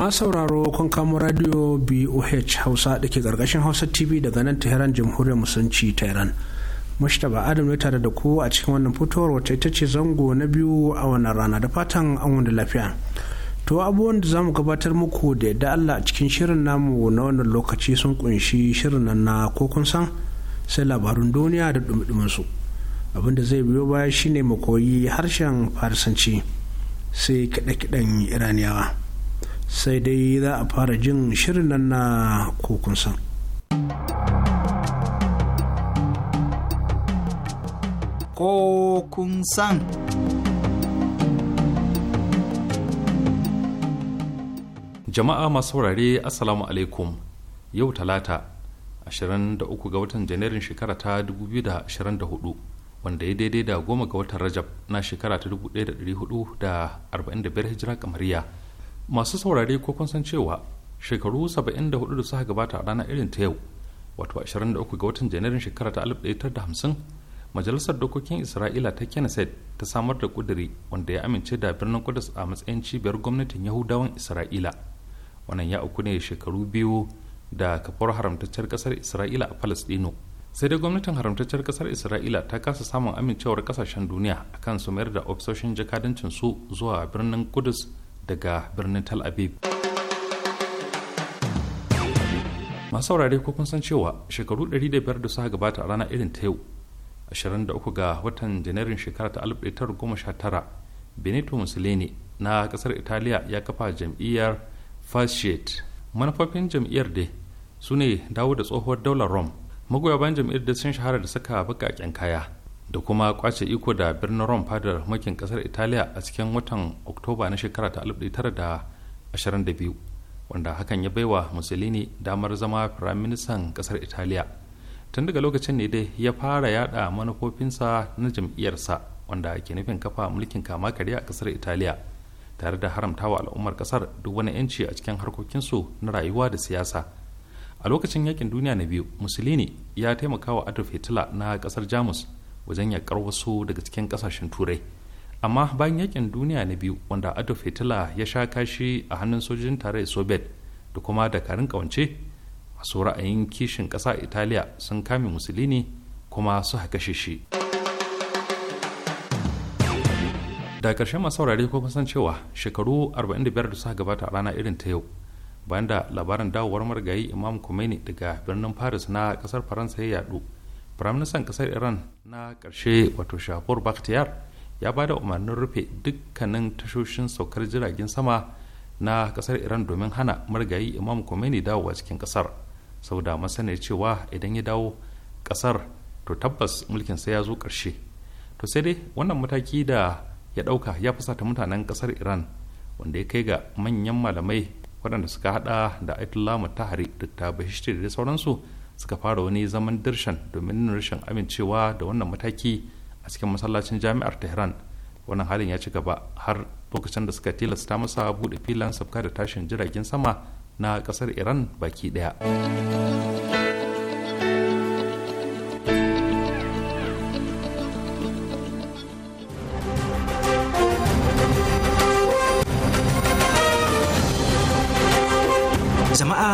masu sauraro kun kamo radio boh hausa da ke ƙarƙashin hausa tv daga nan tehran jamhuriyar musulunci ta iran mashtaba adam ne tare da ku a cikin wannan fitowar wata ita ce zango na biyu a wannan rana da fatan an wanda lafiya to abubuwan da zamu gabatar muku da yadda allah a cikin shirin namu na wannan lokaci sun kunshi shirin nan na ko kun san sai labarun duniya da dumi su abin da zai biyo baya shine mu koyi harshen farisanci sai kiɗe-kiɗen iraniyawa sai dai za a fara jin shirin nan na kokunsa. san. Jama'a masu wurare Assalamu alaikum yau talata 23 ga watan janairun shekara ta 2024. wanda ya daidai da goma ga watan rajab na shekara ta 1445 hijira kamariya masu saurari ko kun san cewa shekaru 74 da suka gabata a ranar irin ta yau wato 23 ga watan janairun shekara ta 1950 majalisar dokokin isra'ila ta kenneth ta samar da kuduri wanda ya amince da birnin kudus a matsayin cibiyar gwamnatin yahudawan isra'ila wannan ya uku ne shekaru biyu da kafar haramtacciyar kasar isra'ila a palestino sai dai gwamnatin haramtacciyar kasar isra'ila ta kasa samun amincewar kasashen duniya akan su mayar da ofisoshin jakadancin su zuwa birnin kudus daga birnin Tal Aviv. Masu saurare ko kun san cewa shekaru 105 da suka gabata a rana irin ta yau 23 ga watan Janairun shekara ta 1919 Benito Mussolini na kasar Italiya ya kafa jam'iyyar Fasciet. Manufofin jam'iyyar da su ne dawo da tsohuwar daular Rome. Magoya bayan jam'iyyar da sun shahara da saka baƙaƙen kaya. da kuma kwace iko da birnin rome fadar mulkin kasar italiya a cikin watan oktoba na shekara ta 1922 wanda hakan ya baiwa musulini damar zama firaministan kasar italiya tun daga lokacin ne dai ya fara yada manufofinsa na jam'iyyarsa wanda ke nufin kafa mulkin kama karya a kasar italiya tare da haramtawa al'ummar kasar duk wani 'yanci a cikin harkokinsu na rayuwa da siyasa a lokacin yakin duniya na biyu musulini ya taimaka wa adolf hitler na kasar jamus wajen yakar wasu daga cikin kasashen turai amma bayan yakin duniya na biyu wanda adolf hitler ya sha kashi a hannun sojojin tarayyar soviet da kuma dakarun kawance masu ra'ayin kishin ƙasa italiya sun kame musulini kuma su kashe shi da ƙarshe masu saurare ko kusan cewa shekaru 45 da suka gabata a rana irin ta yau bayan da labarin dawowar marigayi imam khomeini daga birnin paris na ƙasar faransa ya yadu firaministan kasar iran na karshe wato shahapur bakhtiyar ya ba da umarnin rufe dukkanin tashoshin saukar jiragen sama na kasar iran domin hana marigayi imam khomeini dawowa cikin ƙasar saboda masana cewa idan ya dawo kasar to tabbas mulkin sai ya zo karshe to sai dai wannan mataki da ya dauka ya fusata mutanen kasar iran wanda ya kai ga manyan malamai waɗanda suka hada da aitullah mutahari da tabashir da sauransu suka fara wani zaman dirshan domin nuna rashin amincewa da wannan mataki a cikin masallacin jami'ar tehran wannan halin ya ci gaba har lokacin da suka tilasta masa bude filan sabka da tashin jiragen sama na kasar iran baki ɗaya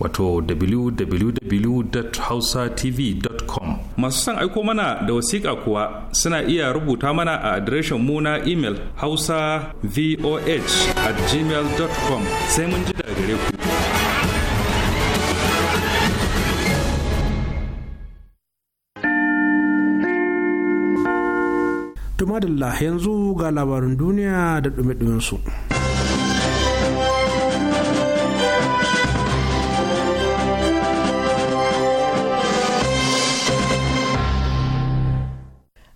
wato www.hausatv.com masu son aiko mana da wasiƙa kuwa suna iya rubuta mana a adireshin mu na imel hausa voh at gmail.com sai mun ji daga gare ku Tumadilla yanzu ga labarin duniya da ɗumi su.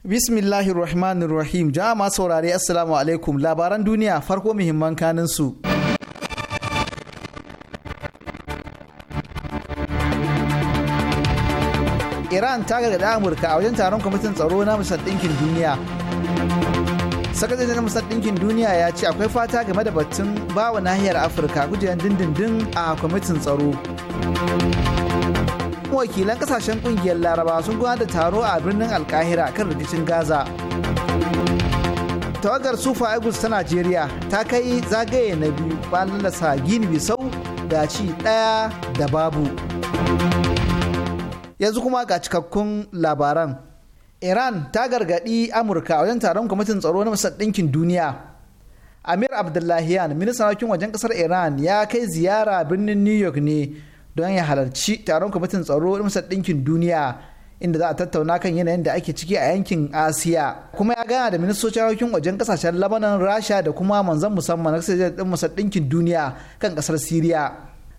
Bismillahir Rahmanir Rahim. Jama'a saurare Assalamu alaikum. Labaran duniya farko muhimman kanin su. Iran ta gargaɗa Amurka a wajen taron kwamitin tsaro na Musar Ɗinkin Duniya. Sakataren na Duniya ya ce akwai fata game da batun bawa nahiyar Afirka gujewan dindindin a kwamitin tsaro. kuma wakilan kasashen kungiyar laraba sun gudanar da taro a birnin alkahira kan rikicin gaza tawagar sufa agus ta najeriya ta kai zagaye na biyu bayan lalasa gini bisau da ci daya da babu yanzu kuma ga cikakkun labaran iran ta gargaɗi amurka wajen taron kwamitin tsaro na masar ɗinkin duniya amir abdullahian ministan harkokin wajen ƙasar iran ya kai ziyara birnin new york ne don ya halarci taron kwamitin tsaro na masar ɗinkin duniya inda za a tattauna kan yanayin da ake ciki a yankin asiya kuma ya gana da ministocin harkokin wajen kasashen labanan rasha da kuma manzan musamman na kasashen masar ɗinkin duniya kan kasar siriya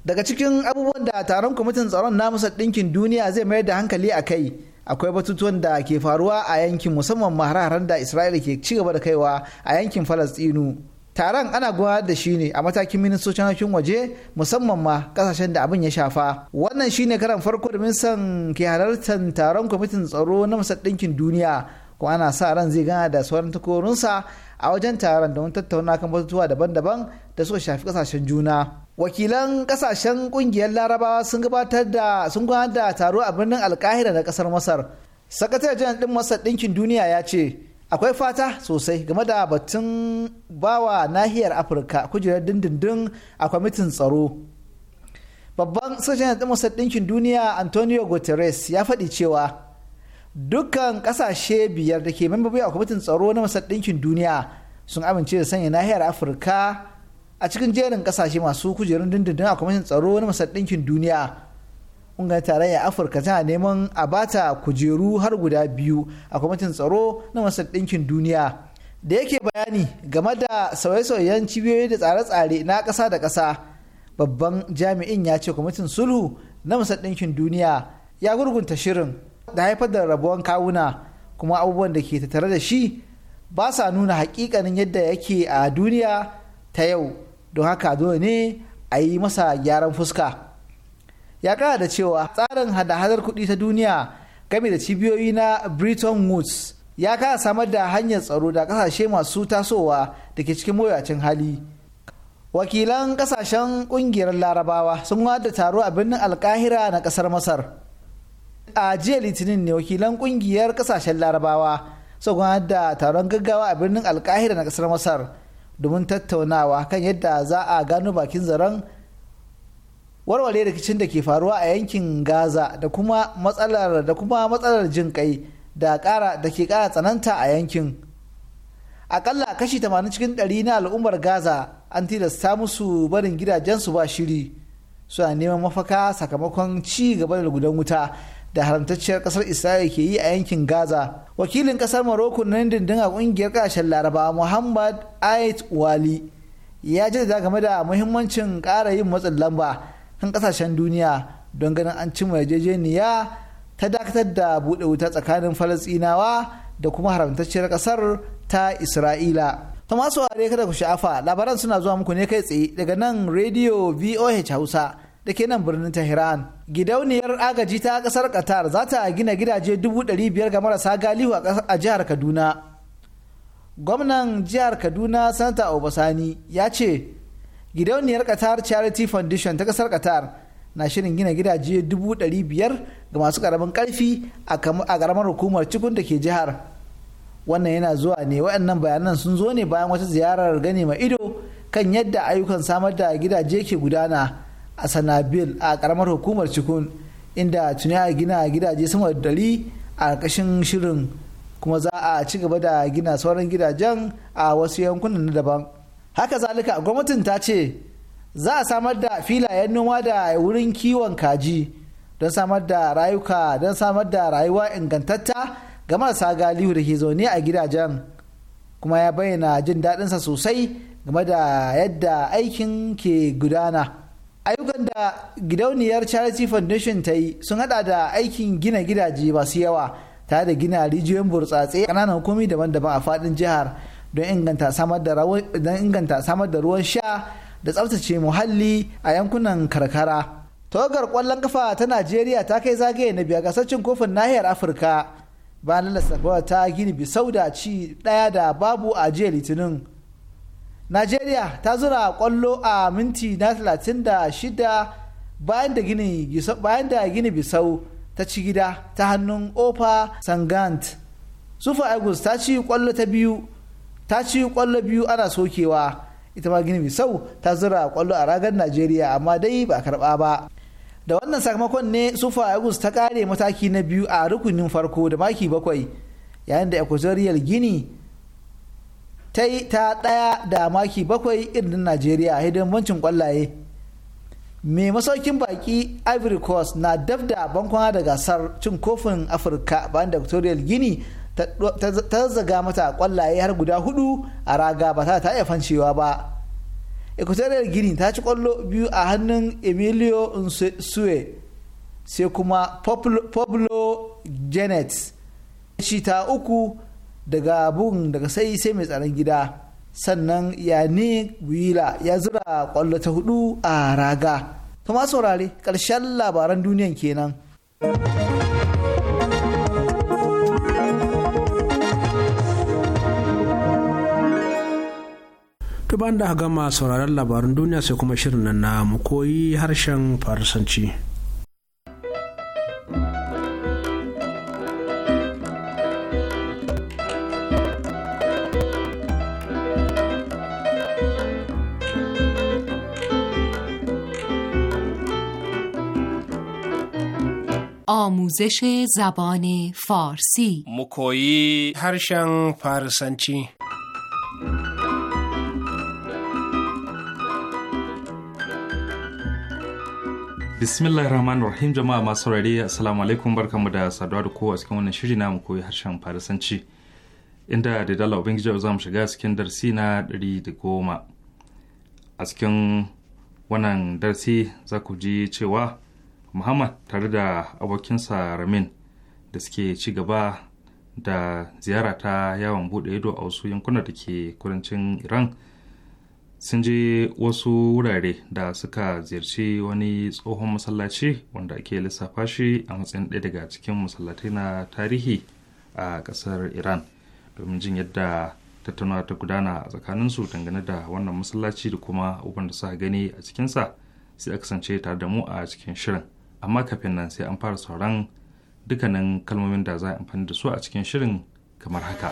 daga cikin abubuwan da taron kwamitin tsaron na masar ɗinkin duniya zai mayar da hankali a kai akwai batutuwan da ke faruwa a yankin musamman maharaharar da isra'ila ke ci gaba da kaiwa a yankin falastinu taron ana gudanar da shi ne a matakin ministocin harkokin waje musamman ma kasashen da abin ya shafa wannan shine karan farko da san ke halartar taron kwamitin tsaro na masar ɗinkin duniya kuma ana sa ran zai gana da sauran takorinsa a wajen taron don tattauna kan batutuwa daban-daban da suka shafi kasashen juna wakilan kasashen kungiyar larabawa sun gabatar da sun gudanar da taro a birnin alkahira na kasar masar sakataren ɗin masar ɗinkin duniya ya ce akwai fata sosai game da batun bawa nahiyar afirka kujerar dindindin a kwamitin tsaro babban sashen da masar ɗinkin duniya antonio guterres ya faɗi cewa dukkan ƙasashe biyar da ke mambabi a kwamitin tsaro na masar ɗinkin duniya sun amince da sanya nahiyar afirka a cikin jerin ƙasashe masu kujerun dindindin a kwamitin tsaro na masar ɗinkin duniya ƙungiyar tarayyar afirka tana neman a bata kujeru har guda biyu a kwamitin tsaro na masar ɗinkin duniya da yake bayani game da sauye-sauyen cibiyoyi da tsare-tsare na ƙasa da ƙasa babban jami'in ya ce kwamitin sulhu na masar ɗinkin duniya ya gurgunta shirin da haifar da rabuwan kawuna kuma abubuwan da ke tattare da shi ba sa nuna hakikanin yadda yake a duniya ta yau don haka dole ne a yi masa gyaran fuska. ya kara da cewa tsarin hada-hadar kuɗi ta duniya game da cibiyoyi na Bretton Woods ya kara samar da hanyar tsaro da kasashe masu tasowa da ke cikin mawuyacin hali. Wakilan kasashen kungiyar Larabawa sun da taro a birnin Alkahira na kasar Masar. A jiya Litinin ne wakilan kungiyar kasashen Larabawa sun da taron gaggawa a birnin Alkahira na kasar Masar domin tattaunawa kan yadda za a gano bakin zaren warware rikicin da ke faruwa a yankin gaza da kuma matsalar da kuma matsalar jin kai da ke kara tsananta a yankin akalla kashi 80 cikin 100 na al'ummar gaza an tilasta musu barin gidajensu ba shiri suna neman mafaka sakamakon ci gaba da gudan wuta da haramtacciyar kasar isra'ila ke yi a yankin gaza wakilin kasar maroko na dindin a kungiyar kasashen laraba muhammad ait wali ya jaddada game da muhimmancin kara yin matsin lamba 'yan kasashen duniya don ganin an cimma yarjejeniya ta dakatar da buɗe wuta tsakanin falasɗinawa da kuma haramtacciyar ƙasar ta isra'ila ta masu ware kada ku sha'afa labaran suna zuwa muku ne kai tsaye daga nan rediyo voh hausa da ke nan birnin tehran gidauniyar agaji ta ƙasar qatar za ta gina gidaje dubu ɗari biyar ga marasa galihu a jihar kaduna gwamnan jihar kaduna sanata obasani ya ce gidauniyar qatar charity foundation ta kasar qatar na shirin gina gidaje dubu ɗari biyar ga masu karamin karfi a karamar hukumar cikun da ke jihar wannan yana zuwa ne waɗannan bayanan sun zo ne bayan wata ziyarar gani mai ido kan yadda ayyukan samar da gidaje ke gudana a sanabil a karamar hukumar cikun inda tuni a gina gidaje sama da dari a kashin shirin kuma za a ci gaba da gina sauran gidajen a wasu yankunan na daban haka zalika gwamnatin ta ce za a samar da filayen noma da wurin kiwon kaji don samar da rayuka don samar da rayuwa ingantatta ga marasa galihu da ke zaune a gidajen kuma ya bayyana jin daɗinsa sosai game da yadda aikin ke gudana ayyukan da gidauniyar charity foundation ta yi sun hada da aikin gina gidaje masu yawa tare da gina rijiyoyin burtsatse ƙananan hukumi daban-daban a faɗin jihar don inganta samar da ruwan sha da tsaftace muhalli a yankunan karkara. Tawagar ƙwallon kafa ta Najeriya ta kai zagaye na biya gasaccin kofin nahiyar Afirka bayan lalasa ta gini bisau da ci ɗaya da babu a jiya litinin. Najeriya ta zura ƙwallo a minti na talatin da shida bayan da gini bisau ta ci gida ta hannun Opa Sangant. Sufa Agus ta ci ƙwallo ta biyu ta ci kwallo biyu ana sokewa ita ma gini sau ta zura kwallo a ragar najeriya amma dai ba karba ba da wannan sakamakon ne sufa eagles ta kare mataki na biyu a rukunin farko da maki bakwai yayin da equatorial gini ta yi ta ɗaya da maki bakwai irin najeriya a bancin kwallaye mai masaukin baki ivory coast na dabda bankwana da gasar cin kofin afirka bayan da equatorial gini ta zaga mata kwallaye har guda hudu a raga ba ta iya fancewa ba equatorial guinea ta ci kwallo biyu a hannun emilio nsue sai kuma pablo janet shi ta uku daga bugun daga sai sai mai tsaron gida sannan yani wila ya zura kwallo ta hudu a raga kama saurari saurare ƙarshen labaran duniyan kenan. to ban da gama sauraron labarin duniya sai kuma shirin nan na mu koyi harshen farsanci آموزش زبان فارسی مکویی هرشن فارسنچی bismillah rahman Rahim jama'a masu saurare Assalamu alaikum barkanmu da saduwa da kowa cikin wannan shiri namu koyi harshen Farisanci. Inda da dala Ubangiji za mu shiga cikin darsi na ɗari da goma. A cikin wannan darsi za ku ji cewa Muhammad tare da abokinsa Ramin da suke ci gaba da ziyara ta yawon buɗe ido a wasu yankunan da ke kudancin Iran sun je wasu wurare da suka ziyarci wani tsohon masallaci wanda ke lissafa shi a matsayin ɗaya daga cikin masallatai na tarihi a ƙasar iran domin jin yadda tattaunawa ta gudana a tsakaninsu dangane da wannan masallaci da kuma abubuwan da suka gani a cikinsa sai a kasance tare da mu a cikin shirin amma kafin nan sai an fara sauran dukkanin kalmomin da za a amfani da su a cikin shirin kamar haka.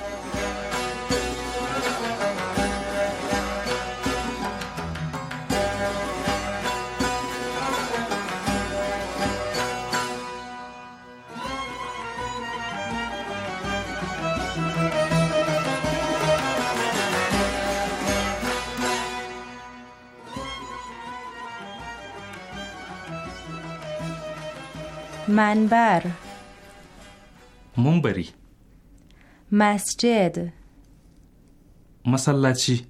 منبر منبری مسجد مسلچی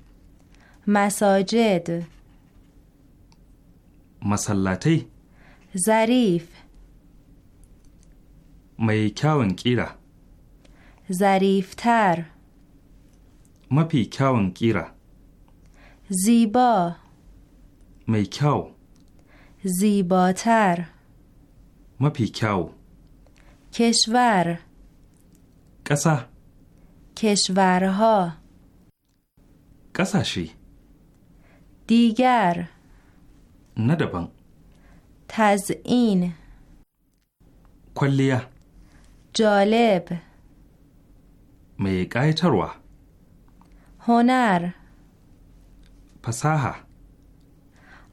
مساجد مسلطی زریف می کون کیرا تر. مپی کیرا زیبا می زیباتر مپی کیاو کشور کسا کشورها کساشی دیگر ندبن تزئین کلیه جالب می قایتروا هنر پسها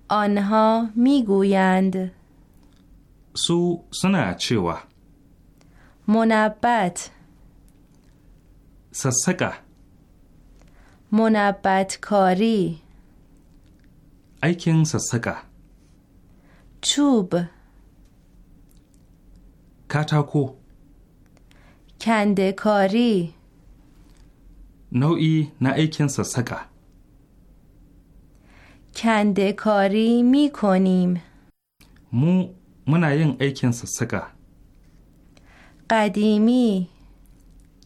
آنها میگویند su suna cewa Monabat Sassaka Monabat kori Aikin sassaka Tube Katako kori Nau'i na aikin sassaka kande kori mi Mu muna yin aikin sassaƙa. Ƙadimi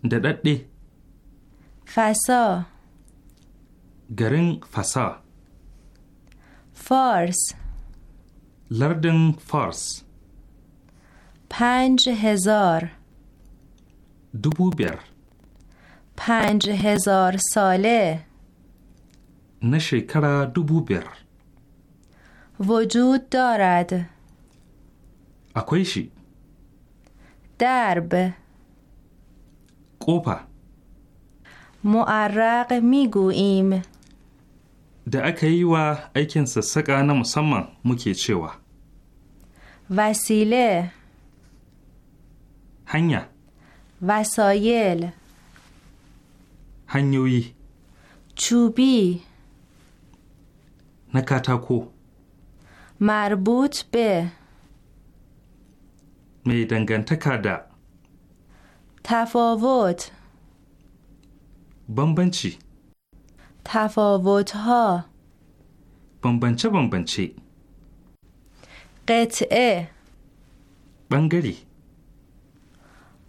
da daɗe Faso garin Faso Fars lardin Fars Panj Hezar dubu biyar Panj Hezar Sale na shekara dubu biyar وجود دارد akwai shi درب ƙofa migu میگوییم da aka yi wa aikin sassaƙa na musamman muke cewa Vasile. hanya Vasoyel. hanyoyi cubi na katako marbut be mai dangantaka da tafawot bambanci tafawot ha bambance-bambance qat'a bangare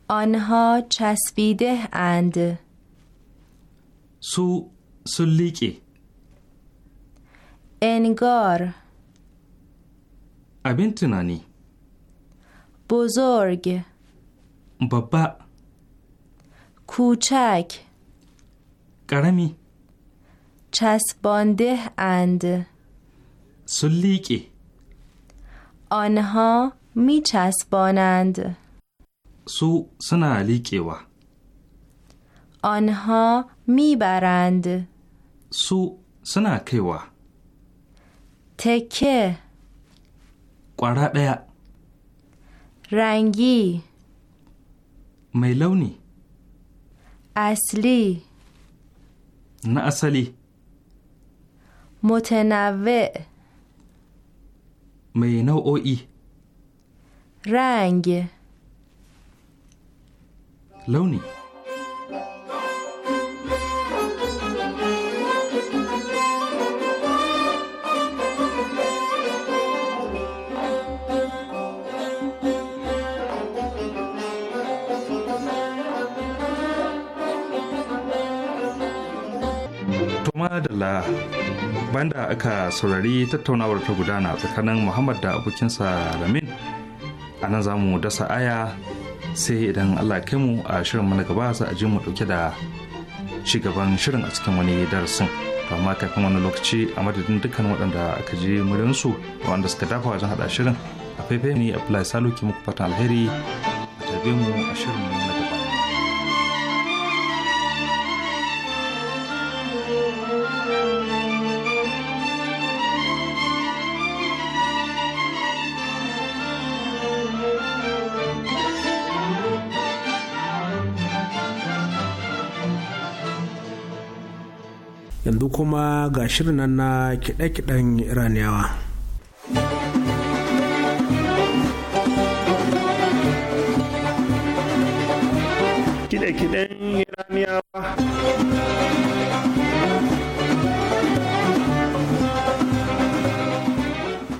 anha and su sun liƙe engar abin tunani بزرگ بابا کوچک گرمی چسبانده اند سلیکی آنها می چسبانند سو سنا و آنها میبرند سو سنا و تکه قرار Rangi. mai launi asli na asali متنوع mai nau'o'i رنگ launi madalla banda aka saurari tattaunawar ta gudana tsakanin muhammad da abokinsa lamin a nan za mu dasa aya sai idan allah kai mu a shirin mana gaba za a ji mu dauke da gaban shirin a cikin wani darasin amma kafin wani lokaci a madadin dukkan waɗanda aka je murinsu waɗanda suka dafa wajen haɗa shirin a faifai ne a salo ke muku fatan alheri a tarbe mu a shirin yanzu kuma ga shirin nan na kiɗe-kiɗen iraniyawa kiɗe-kiɗen iraniyawa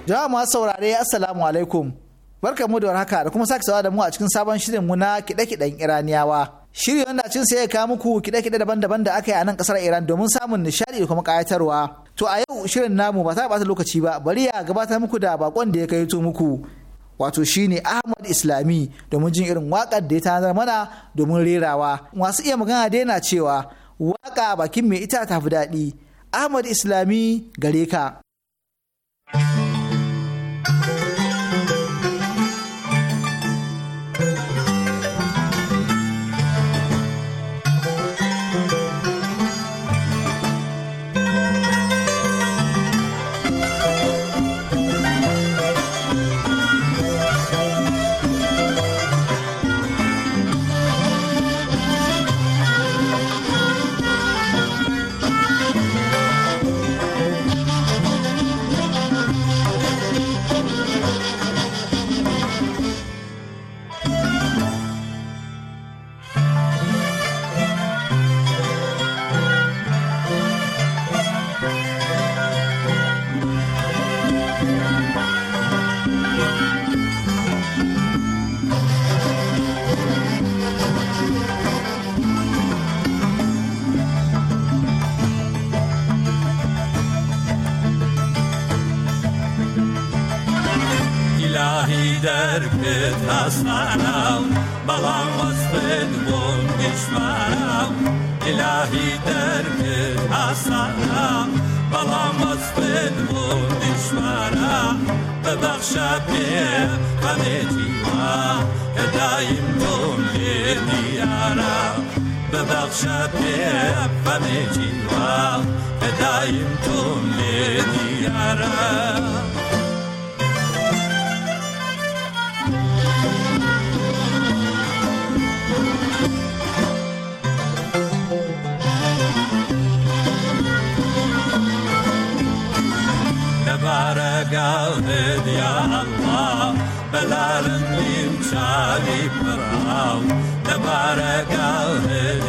jama'a masu saurare assalamu alaikum barkamu da warhaka da kuma sake sawa da mu a cikin sabon shirin mu na kiɗe-kiɗen iraniyawa shirin wanda cin sai ya kawo muku kide-kide daban-daban da aka yi a nan kasar Iran domin samun nishadi da kuma kayatarwa. To a yau shirin namu ba ta bata lokaci ba bari ya gabatar muku da bakon da ya kai to muku. Wato shine Ahmad Islami domin jin irin wakar da ya tanadar mana domin rerawa. Masu iya magana da yana cewa waƙa bakin mai ita ta fi daɗi. Ahmad Islami gare ka. وaszped hasmanam balam وaszped bon يا يا الله بلالم يمشالي براو تبارك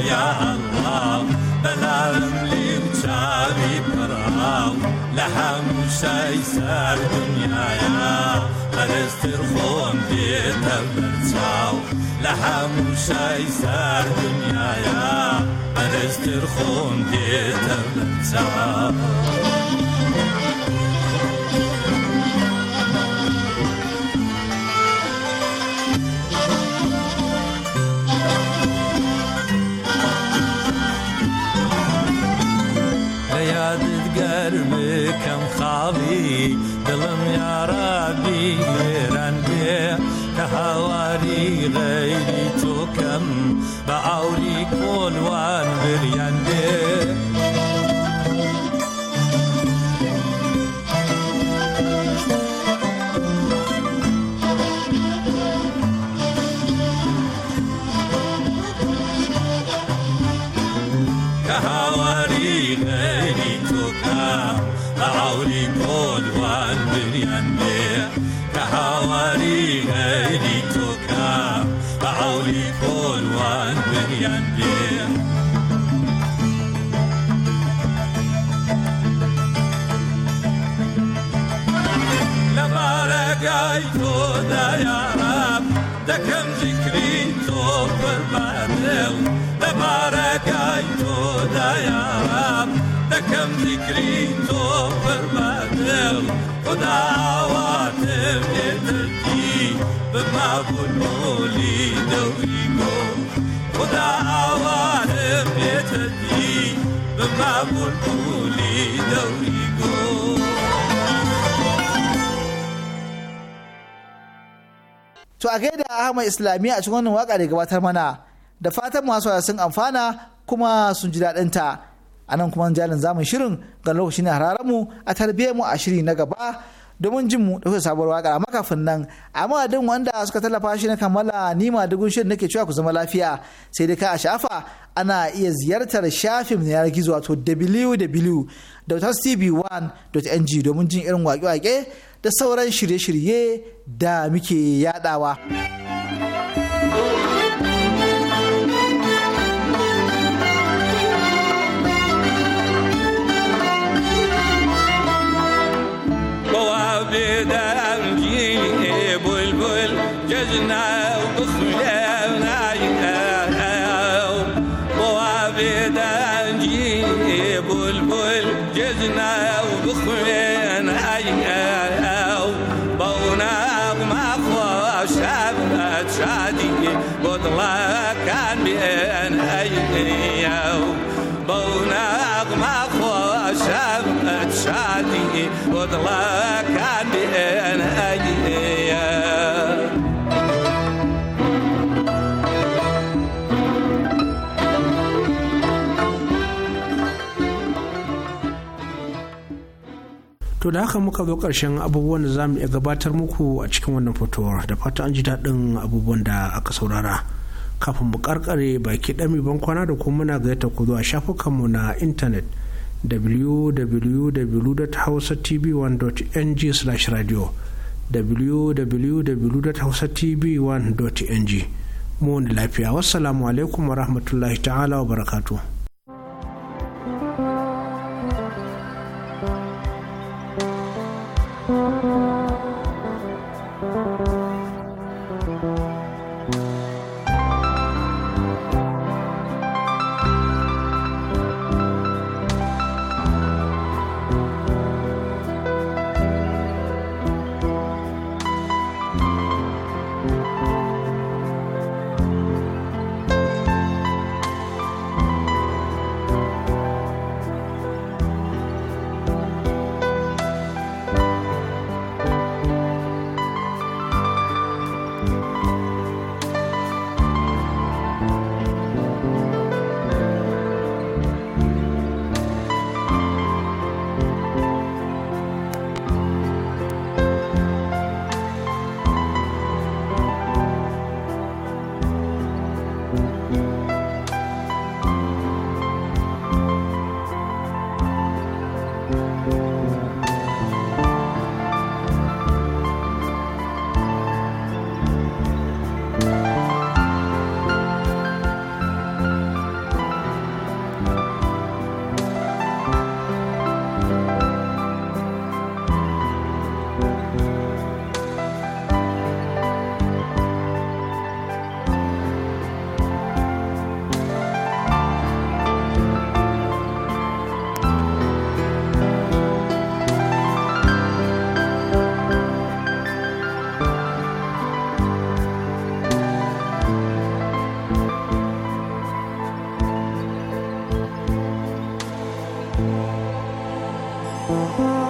يا الله بلالم يمشالي براو لحم شي سار دنيا يا خلستر خون بيتم برتاو لحم شي سار دنيا يا خلستر خون بيتم برتاو ya Rabbi Eran Kahalari Gayri Tukam Ba'auri Kulwan Krito permanel Kodawate vjetërti Bëma punoli dhe urigo Kodawate vjetërti Bëma punoli dhe urigo To a gaida a hama Islamiyya a cikin wannan waka da gabatar mana da fatan masu sun amfana kuma sun ji daɗinta. ta. a nan kuma jalin zamun shirin ga lokacin hararen mu a tarbiyyar mu a shiri na gaba domin jin mu da sabuwar waka amma kafin nan a madadin wanda suka tallafa shi na kammala ni ma dugun shirin nake cewa ku zama lafiya sai dai ka a shafa ana iya ziyartar shafin na yanar gizo wato www.tv1.ng domin jin irin wake-wake da sauran shirye-shirye da muke yadawa. بدا الجي بلبل جزنا وبخلنا بدا الجي بلبل to da haka muka zo ƙarshen abubuwan da zamu iya gabatar muku a cikin wannan fotowar da fata an ji daɗin abubuwan da aka saurara kafin mu karkare baki ɗami ban kwana da kuma muna gayyata ku zuwa shafukanmu na intanet www.hausatv1.ng/radio www.hausatv1.ng mu wani lafiya wassalamu alaikum wa rahmatullahi ta'ala wa barakatuh Música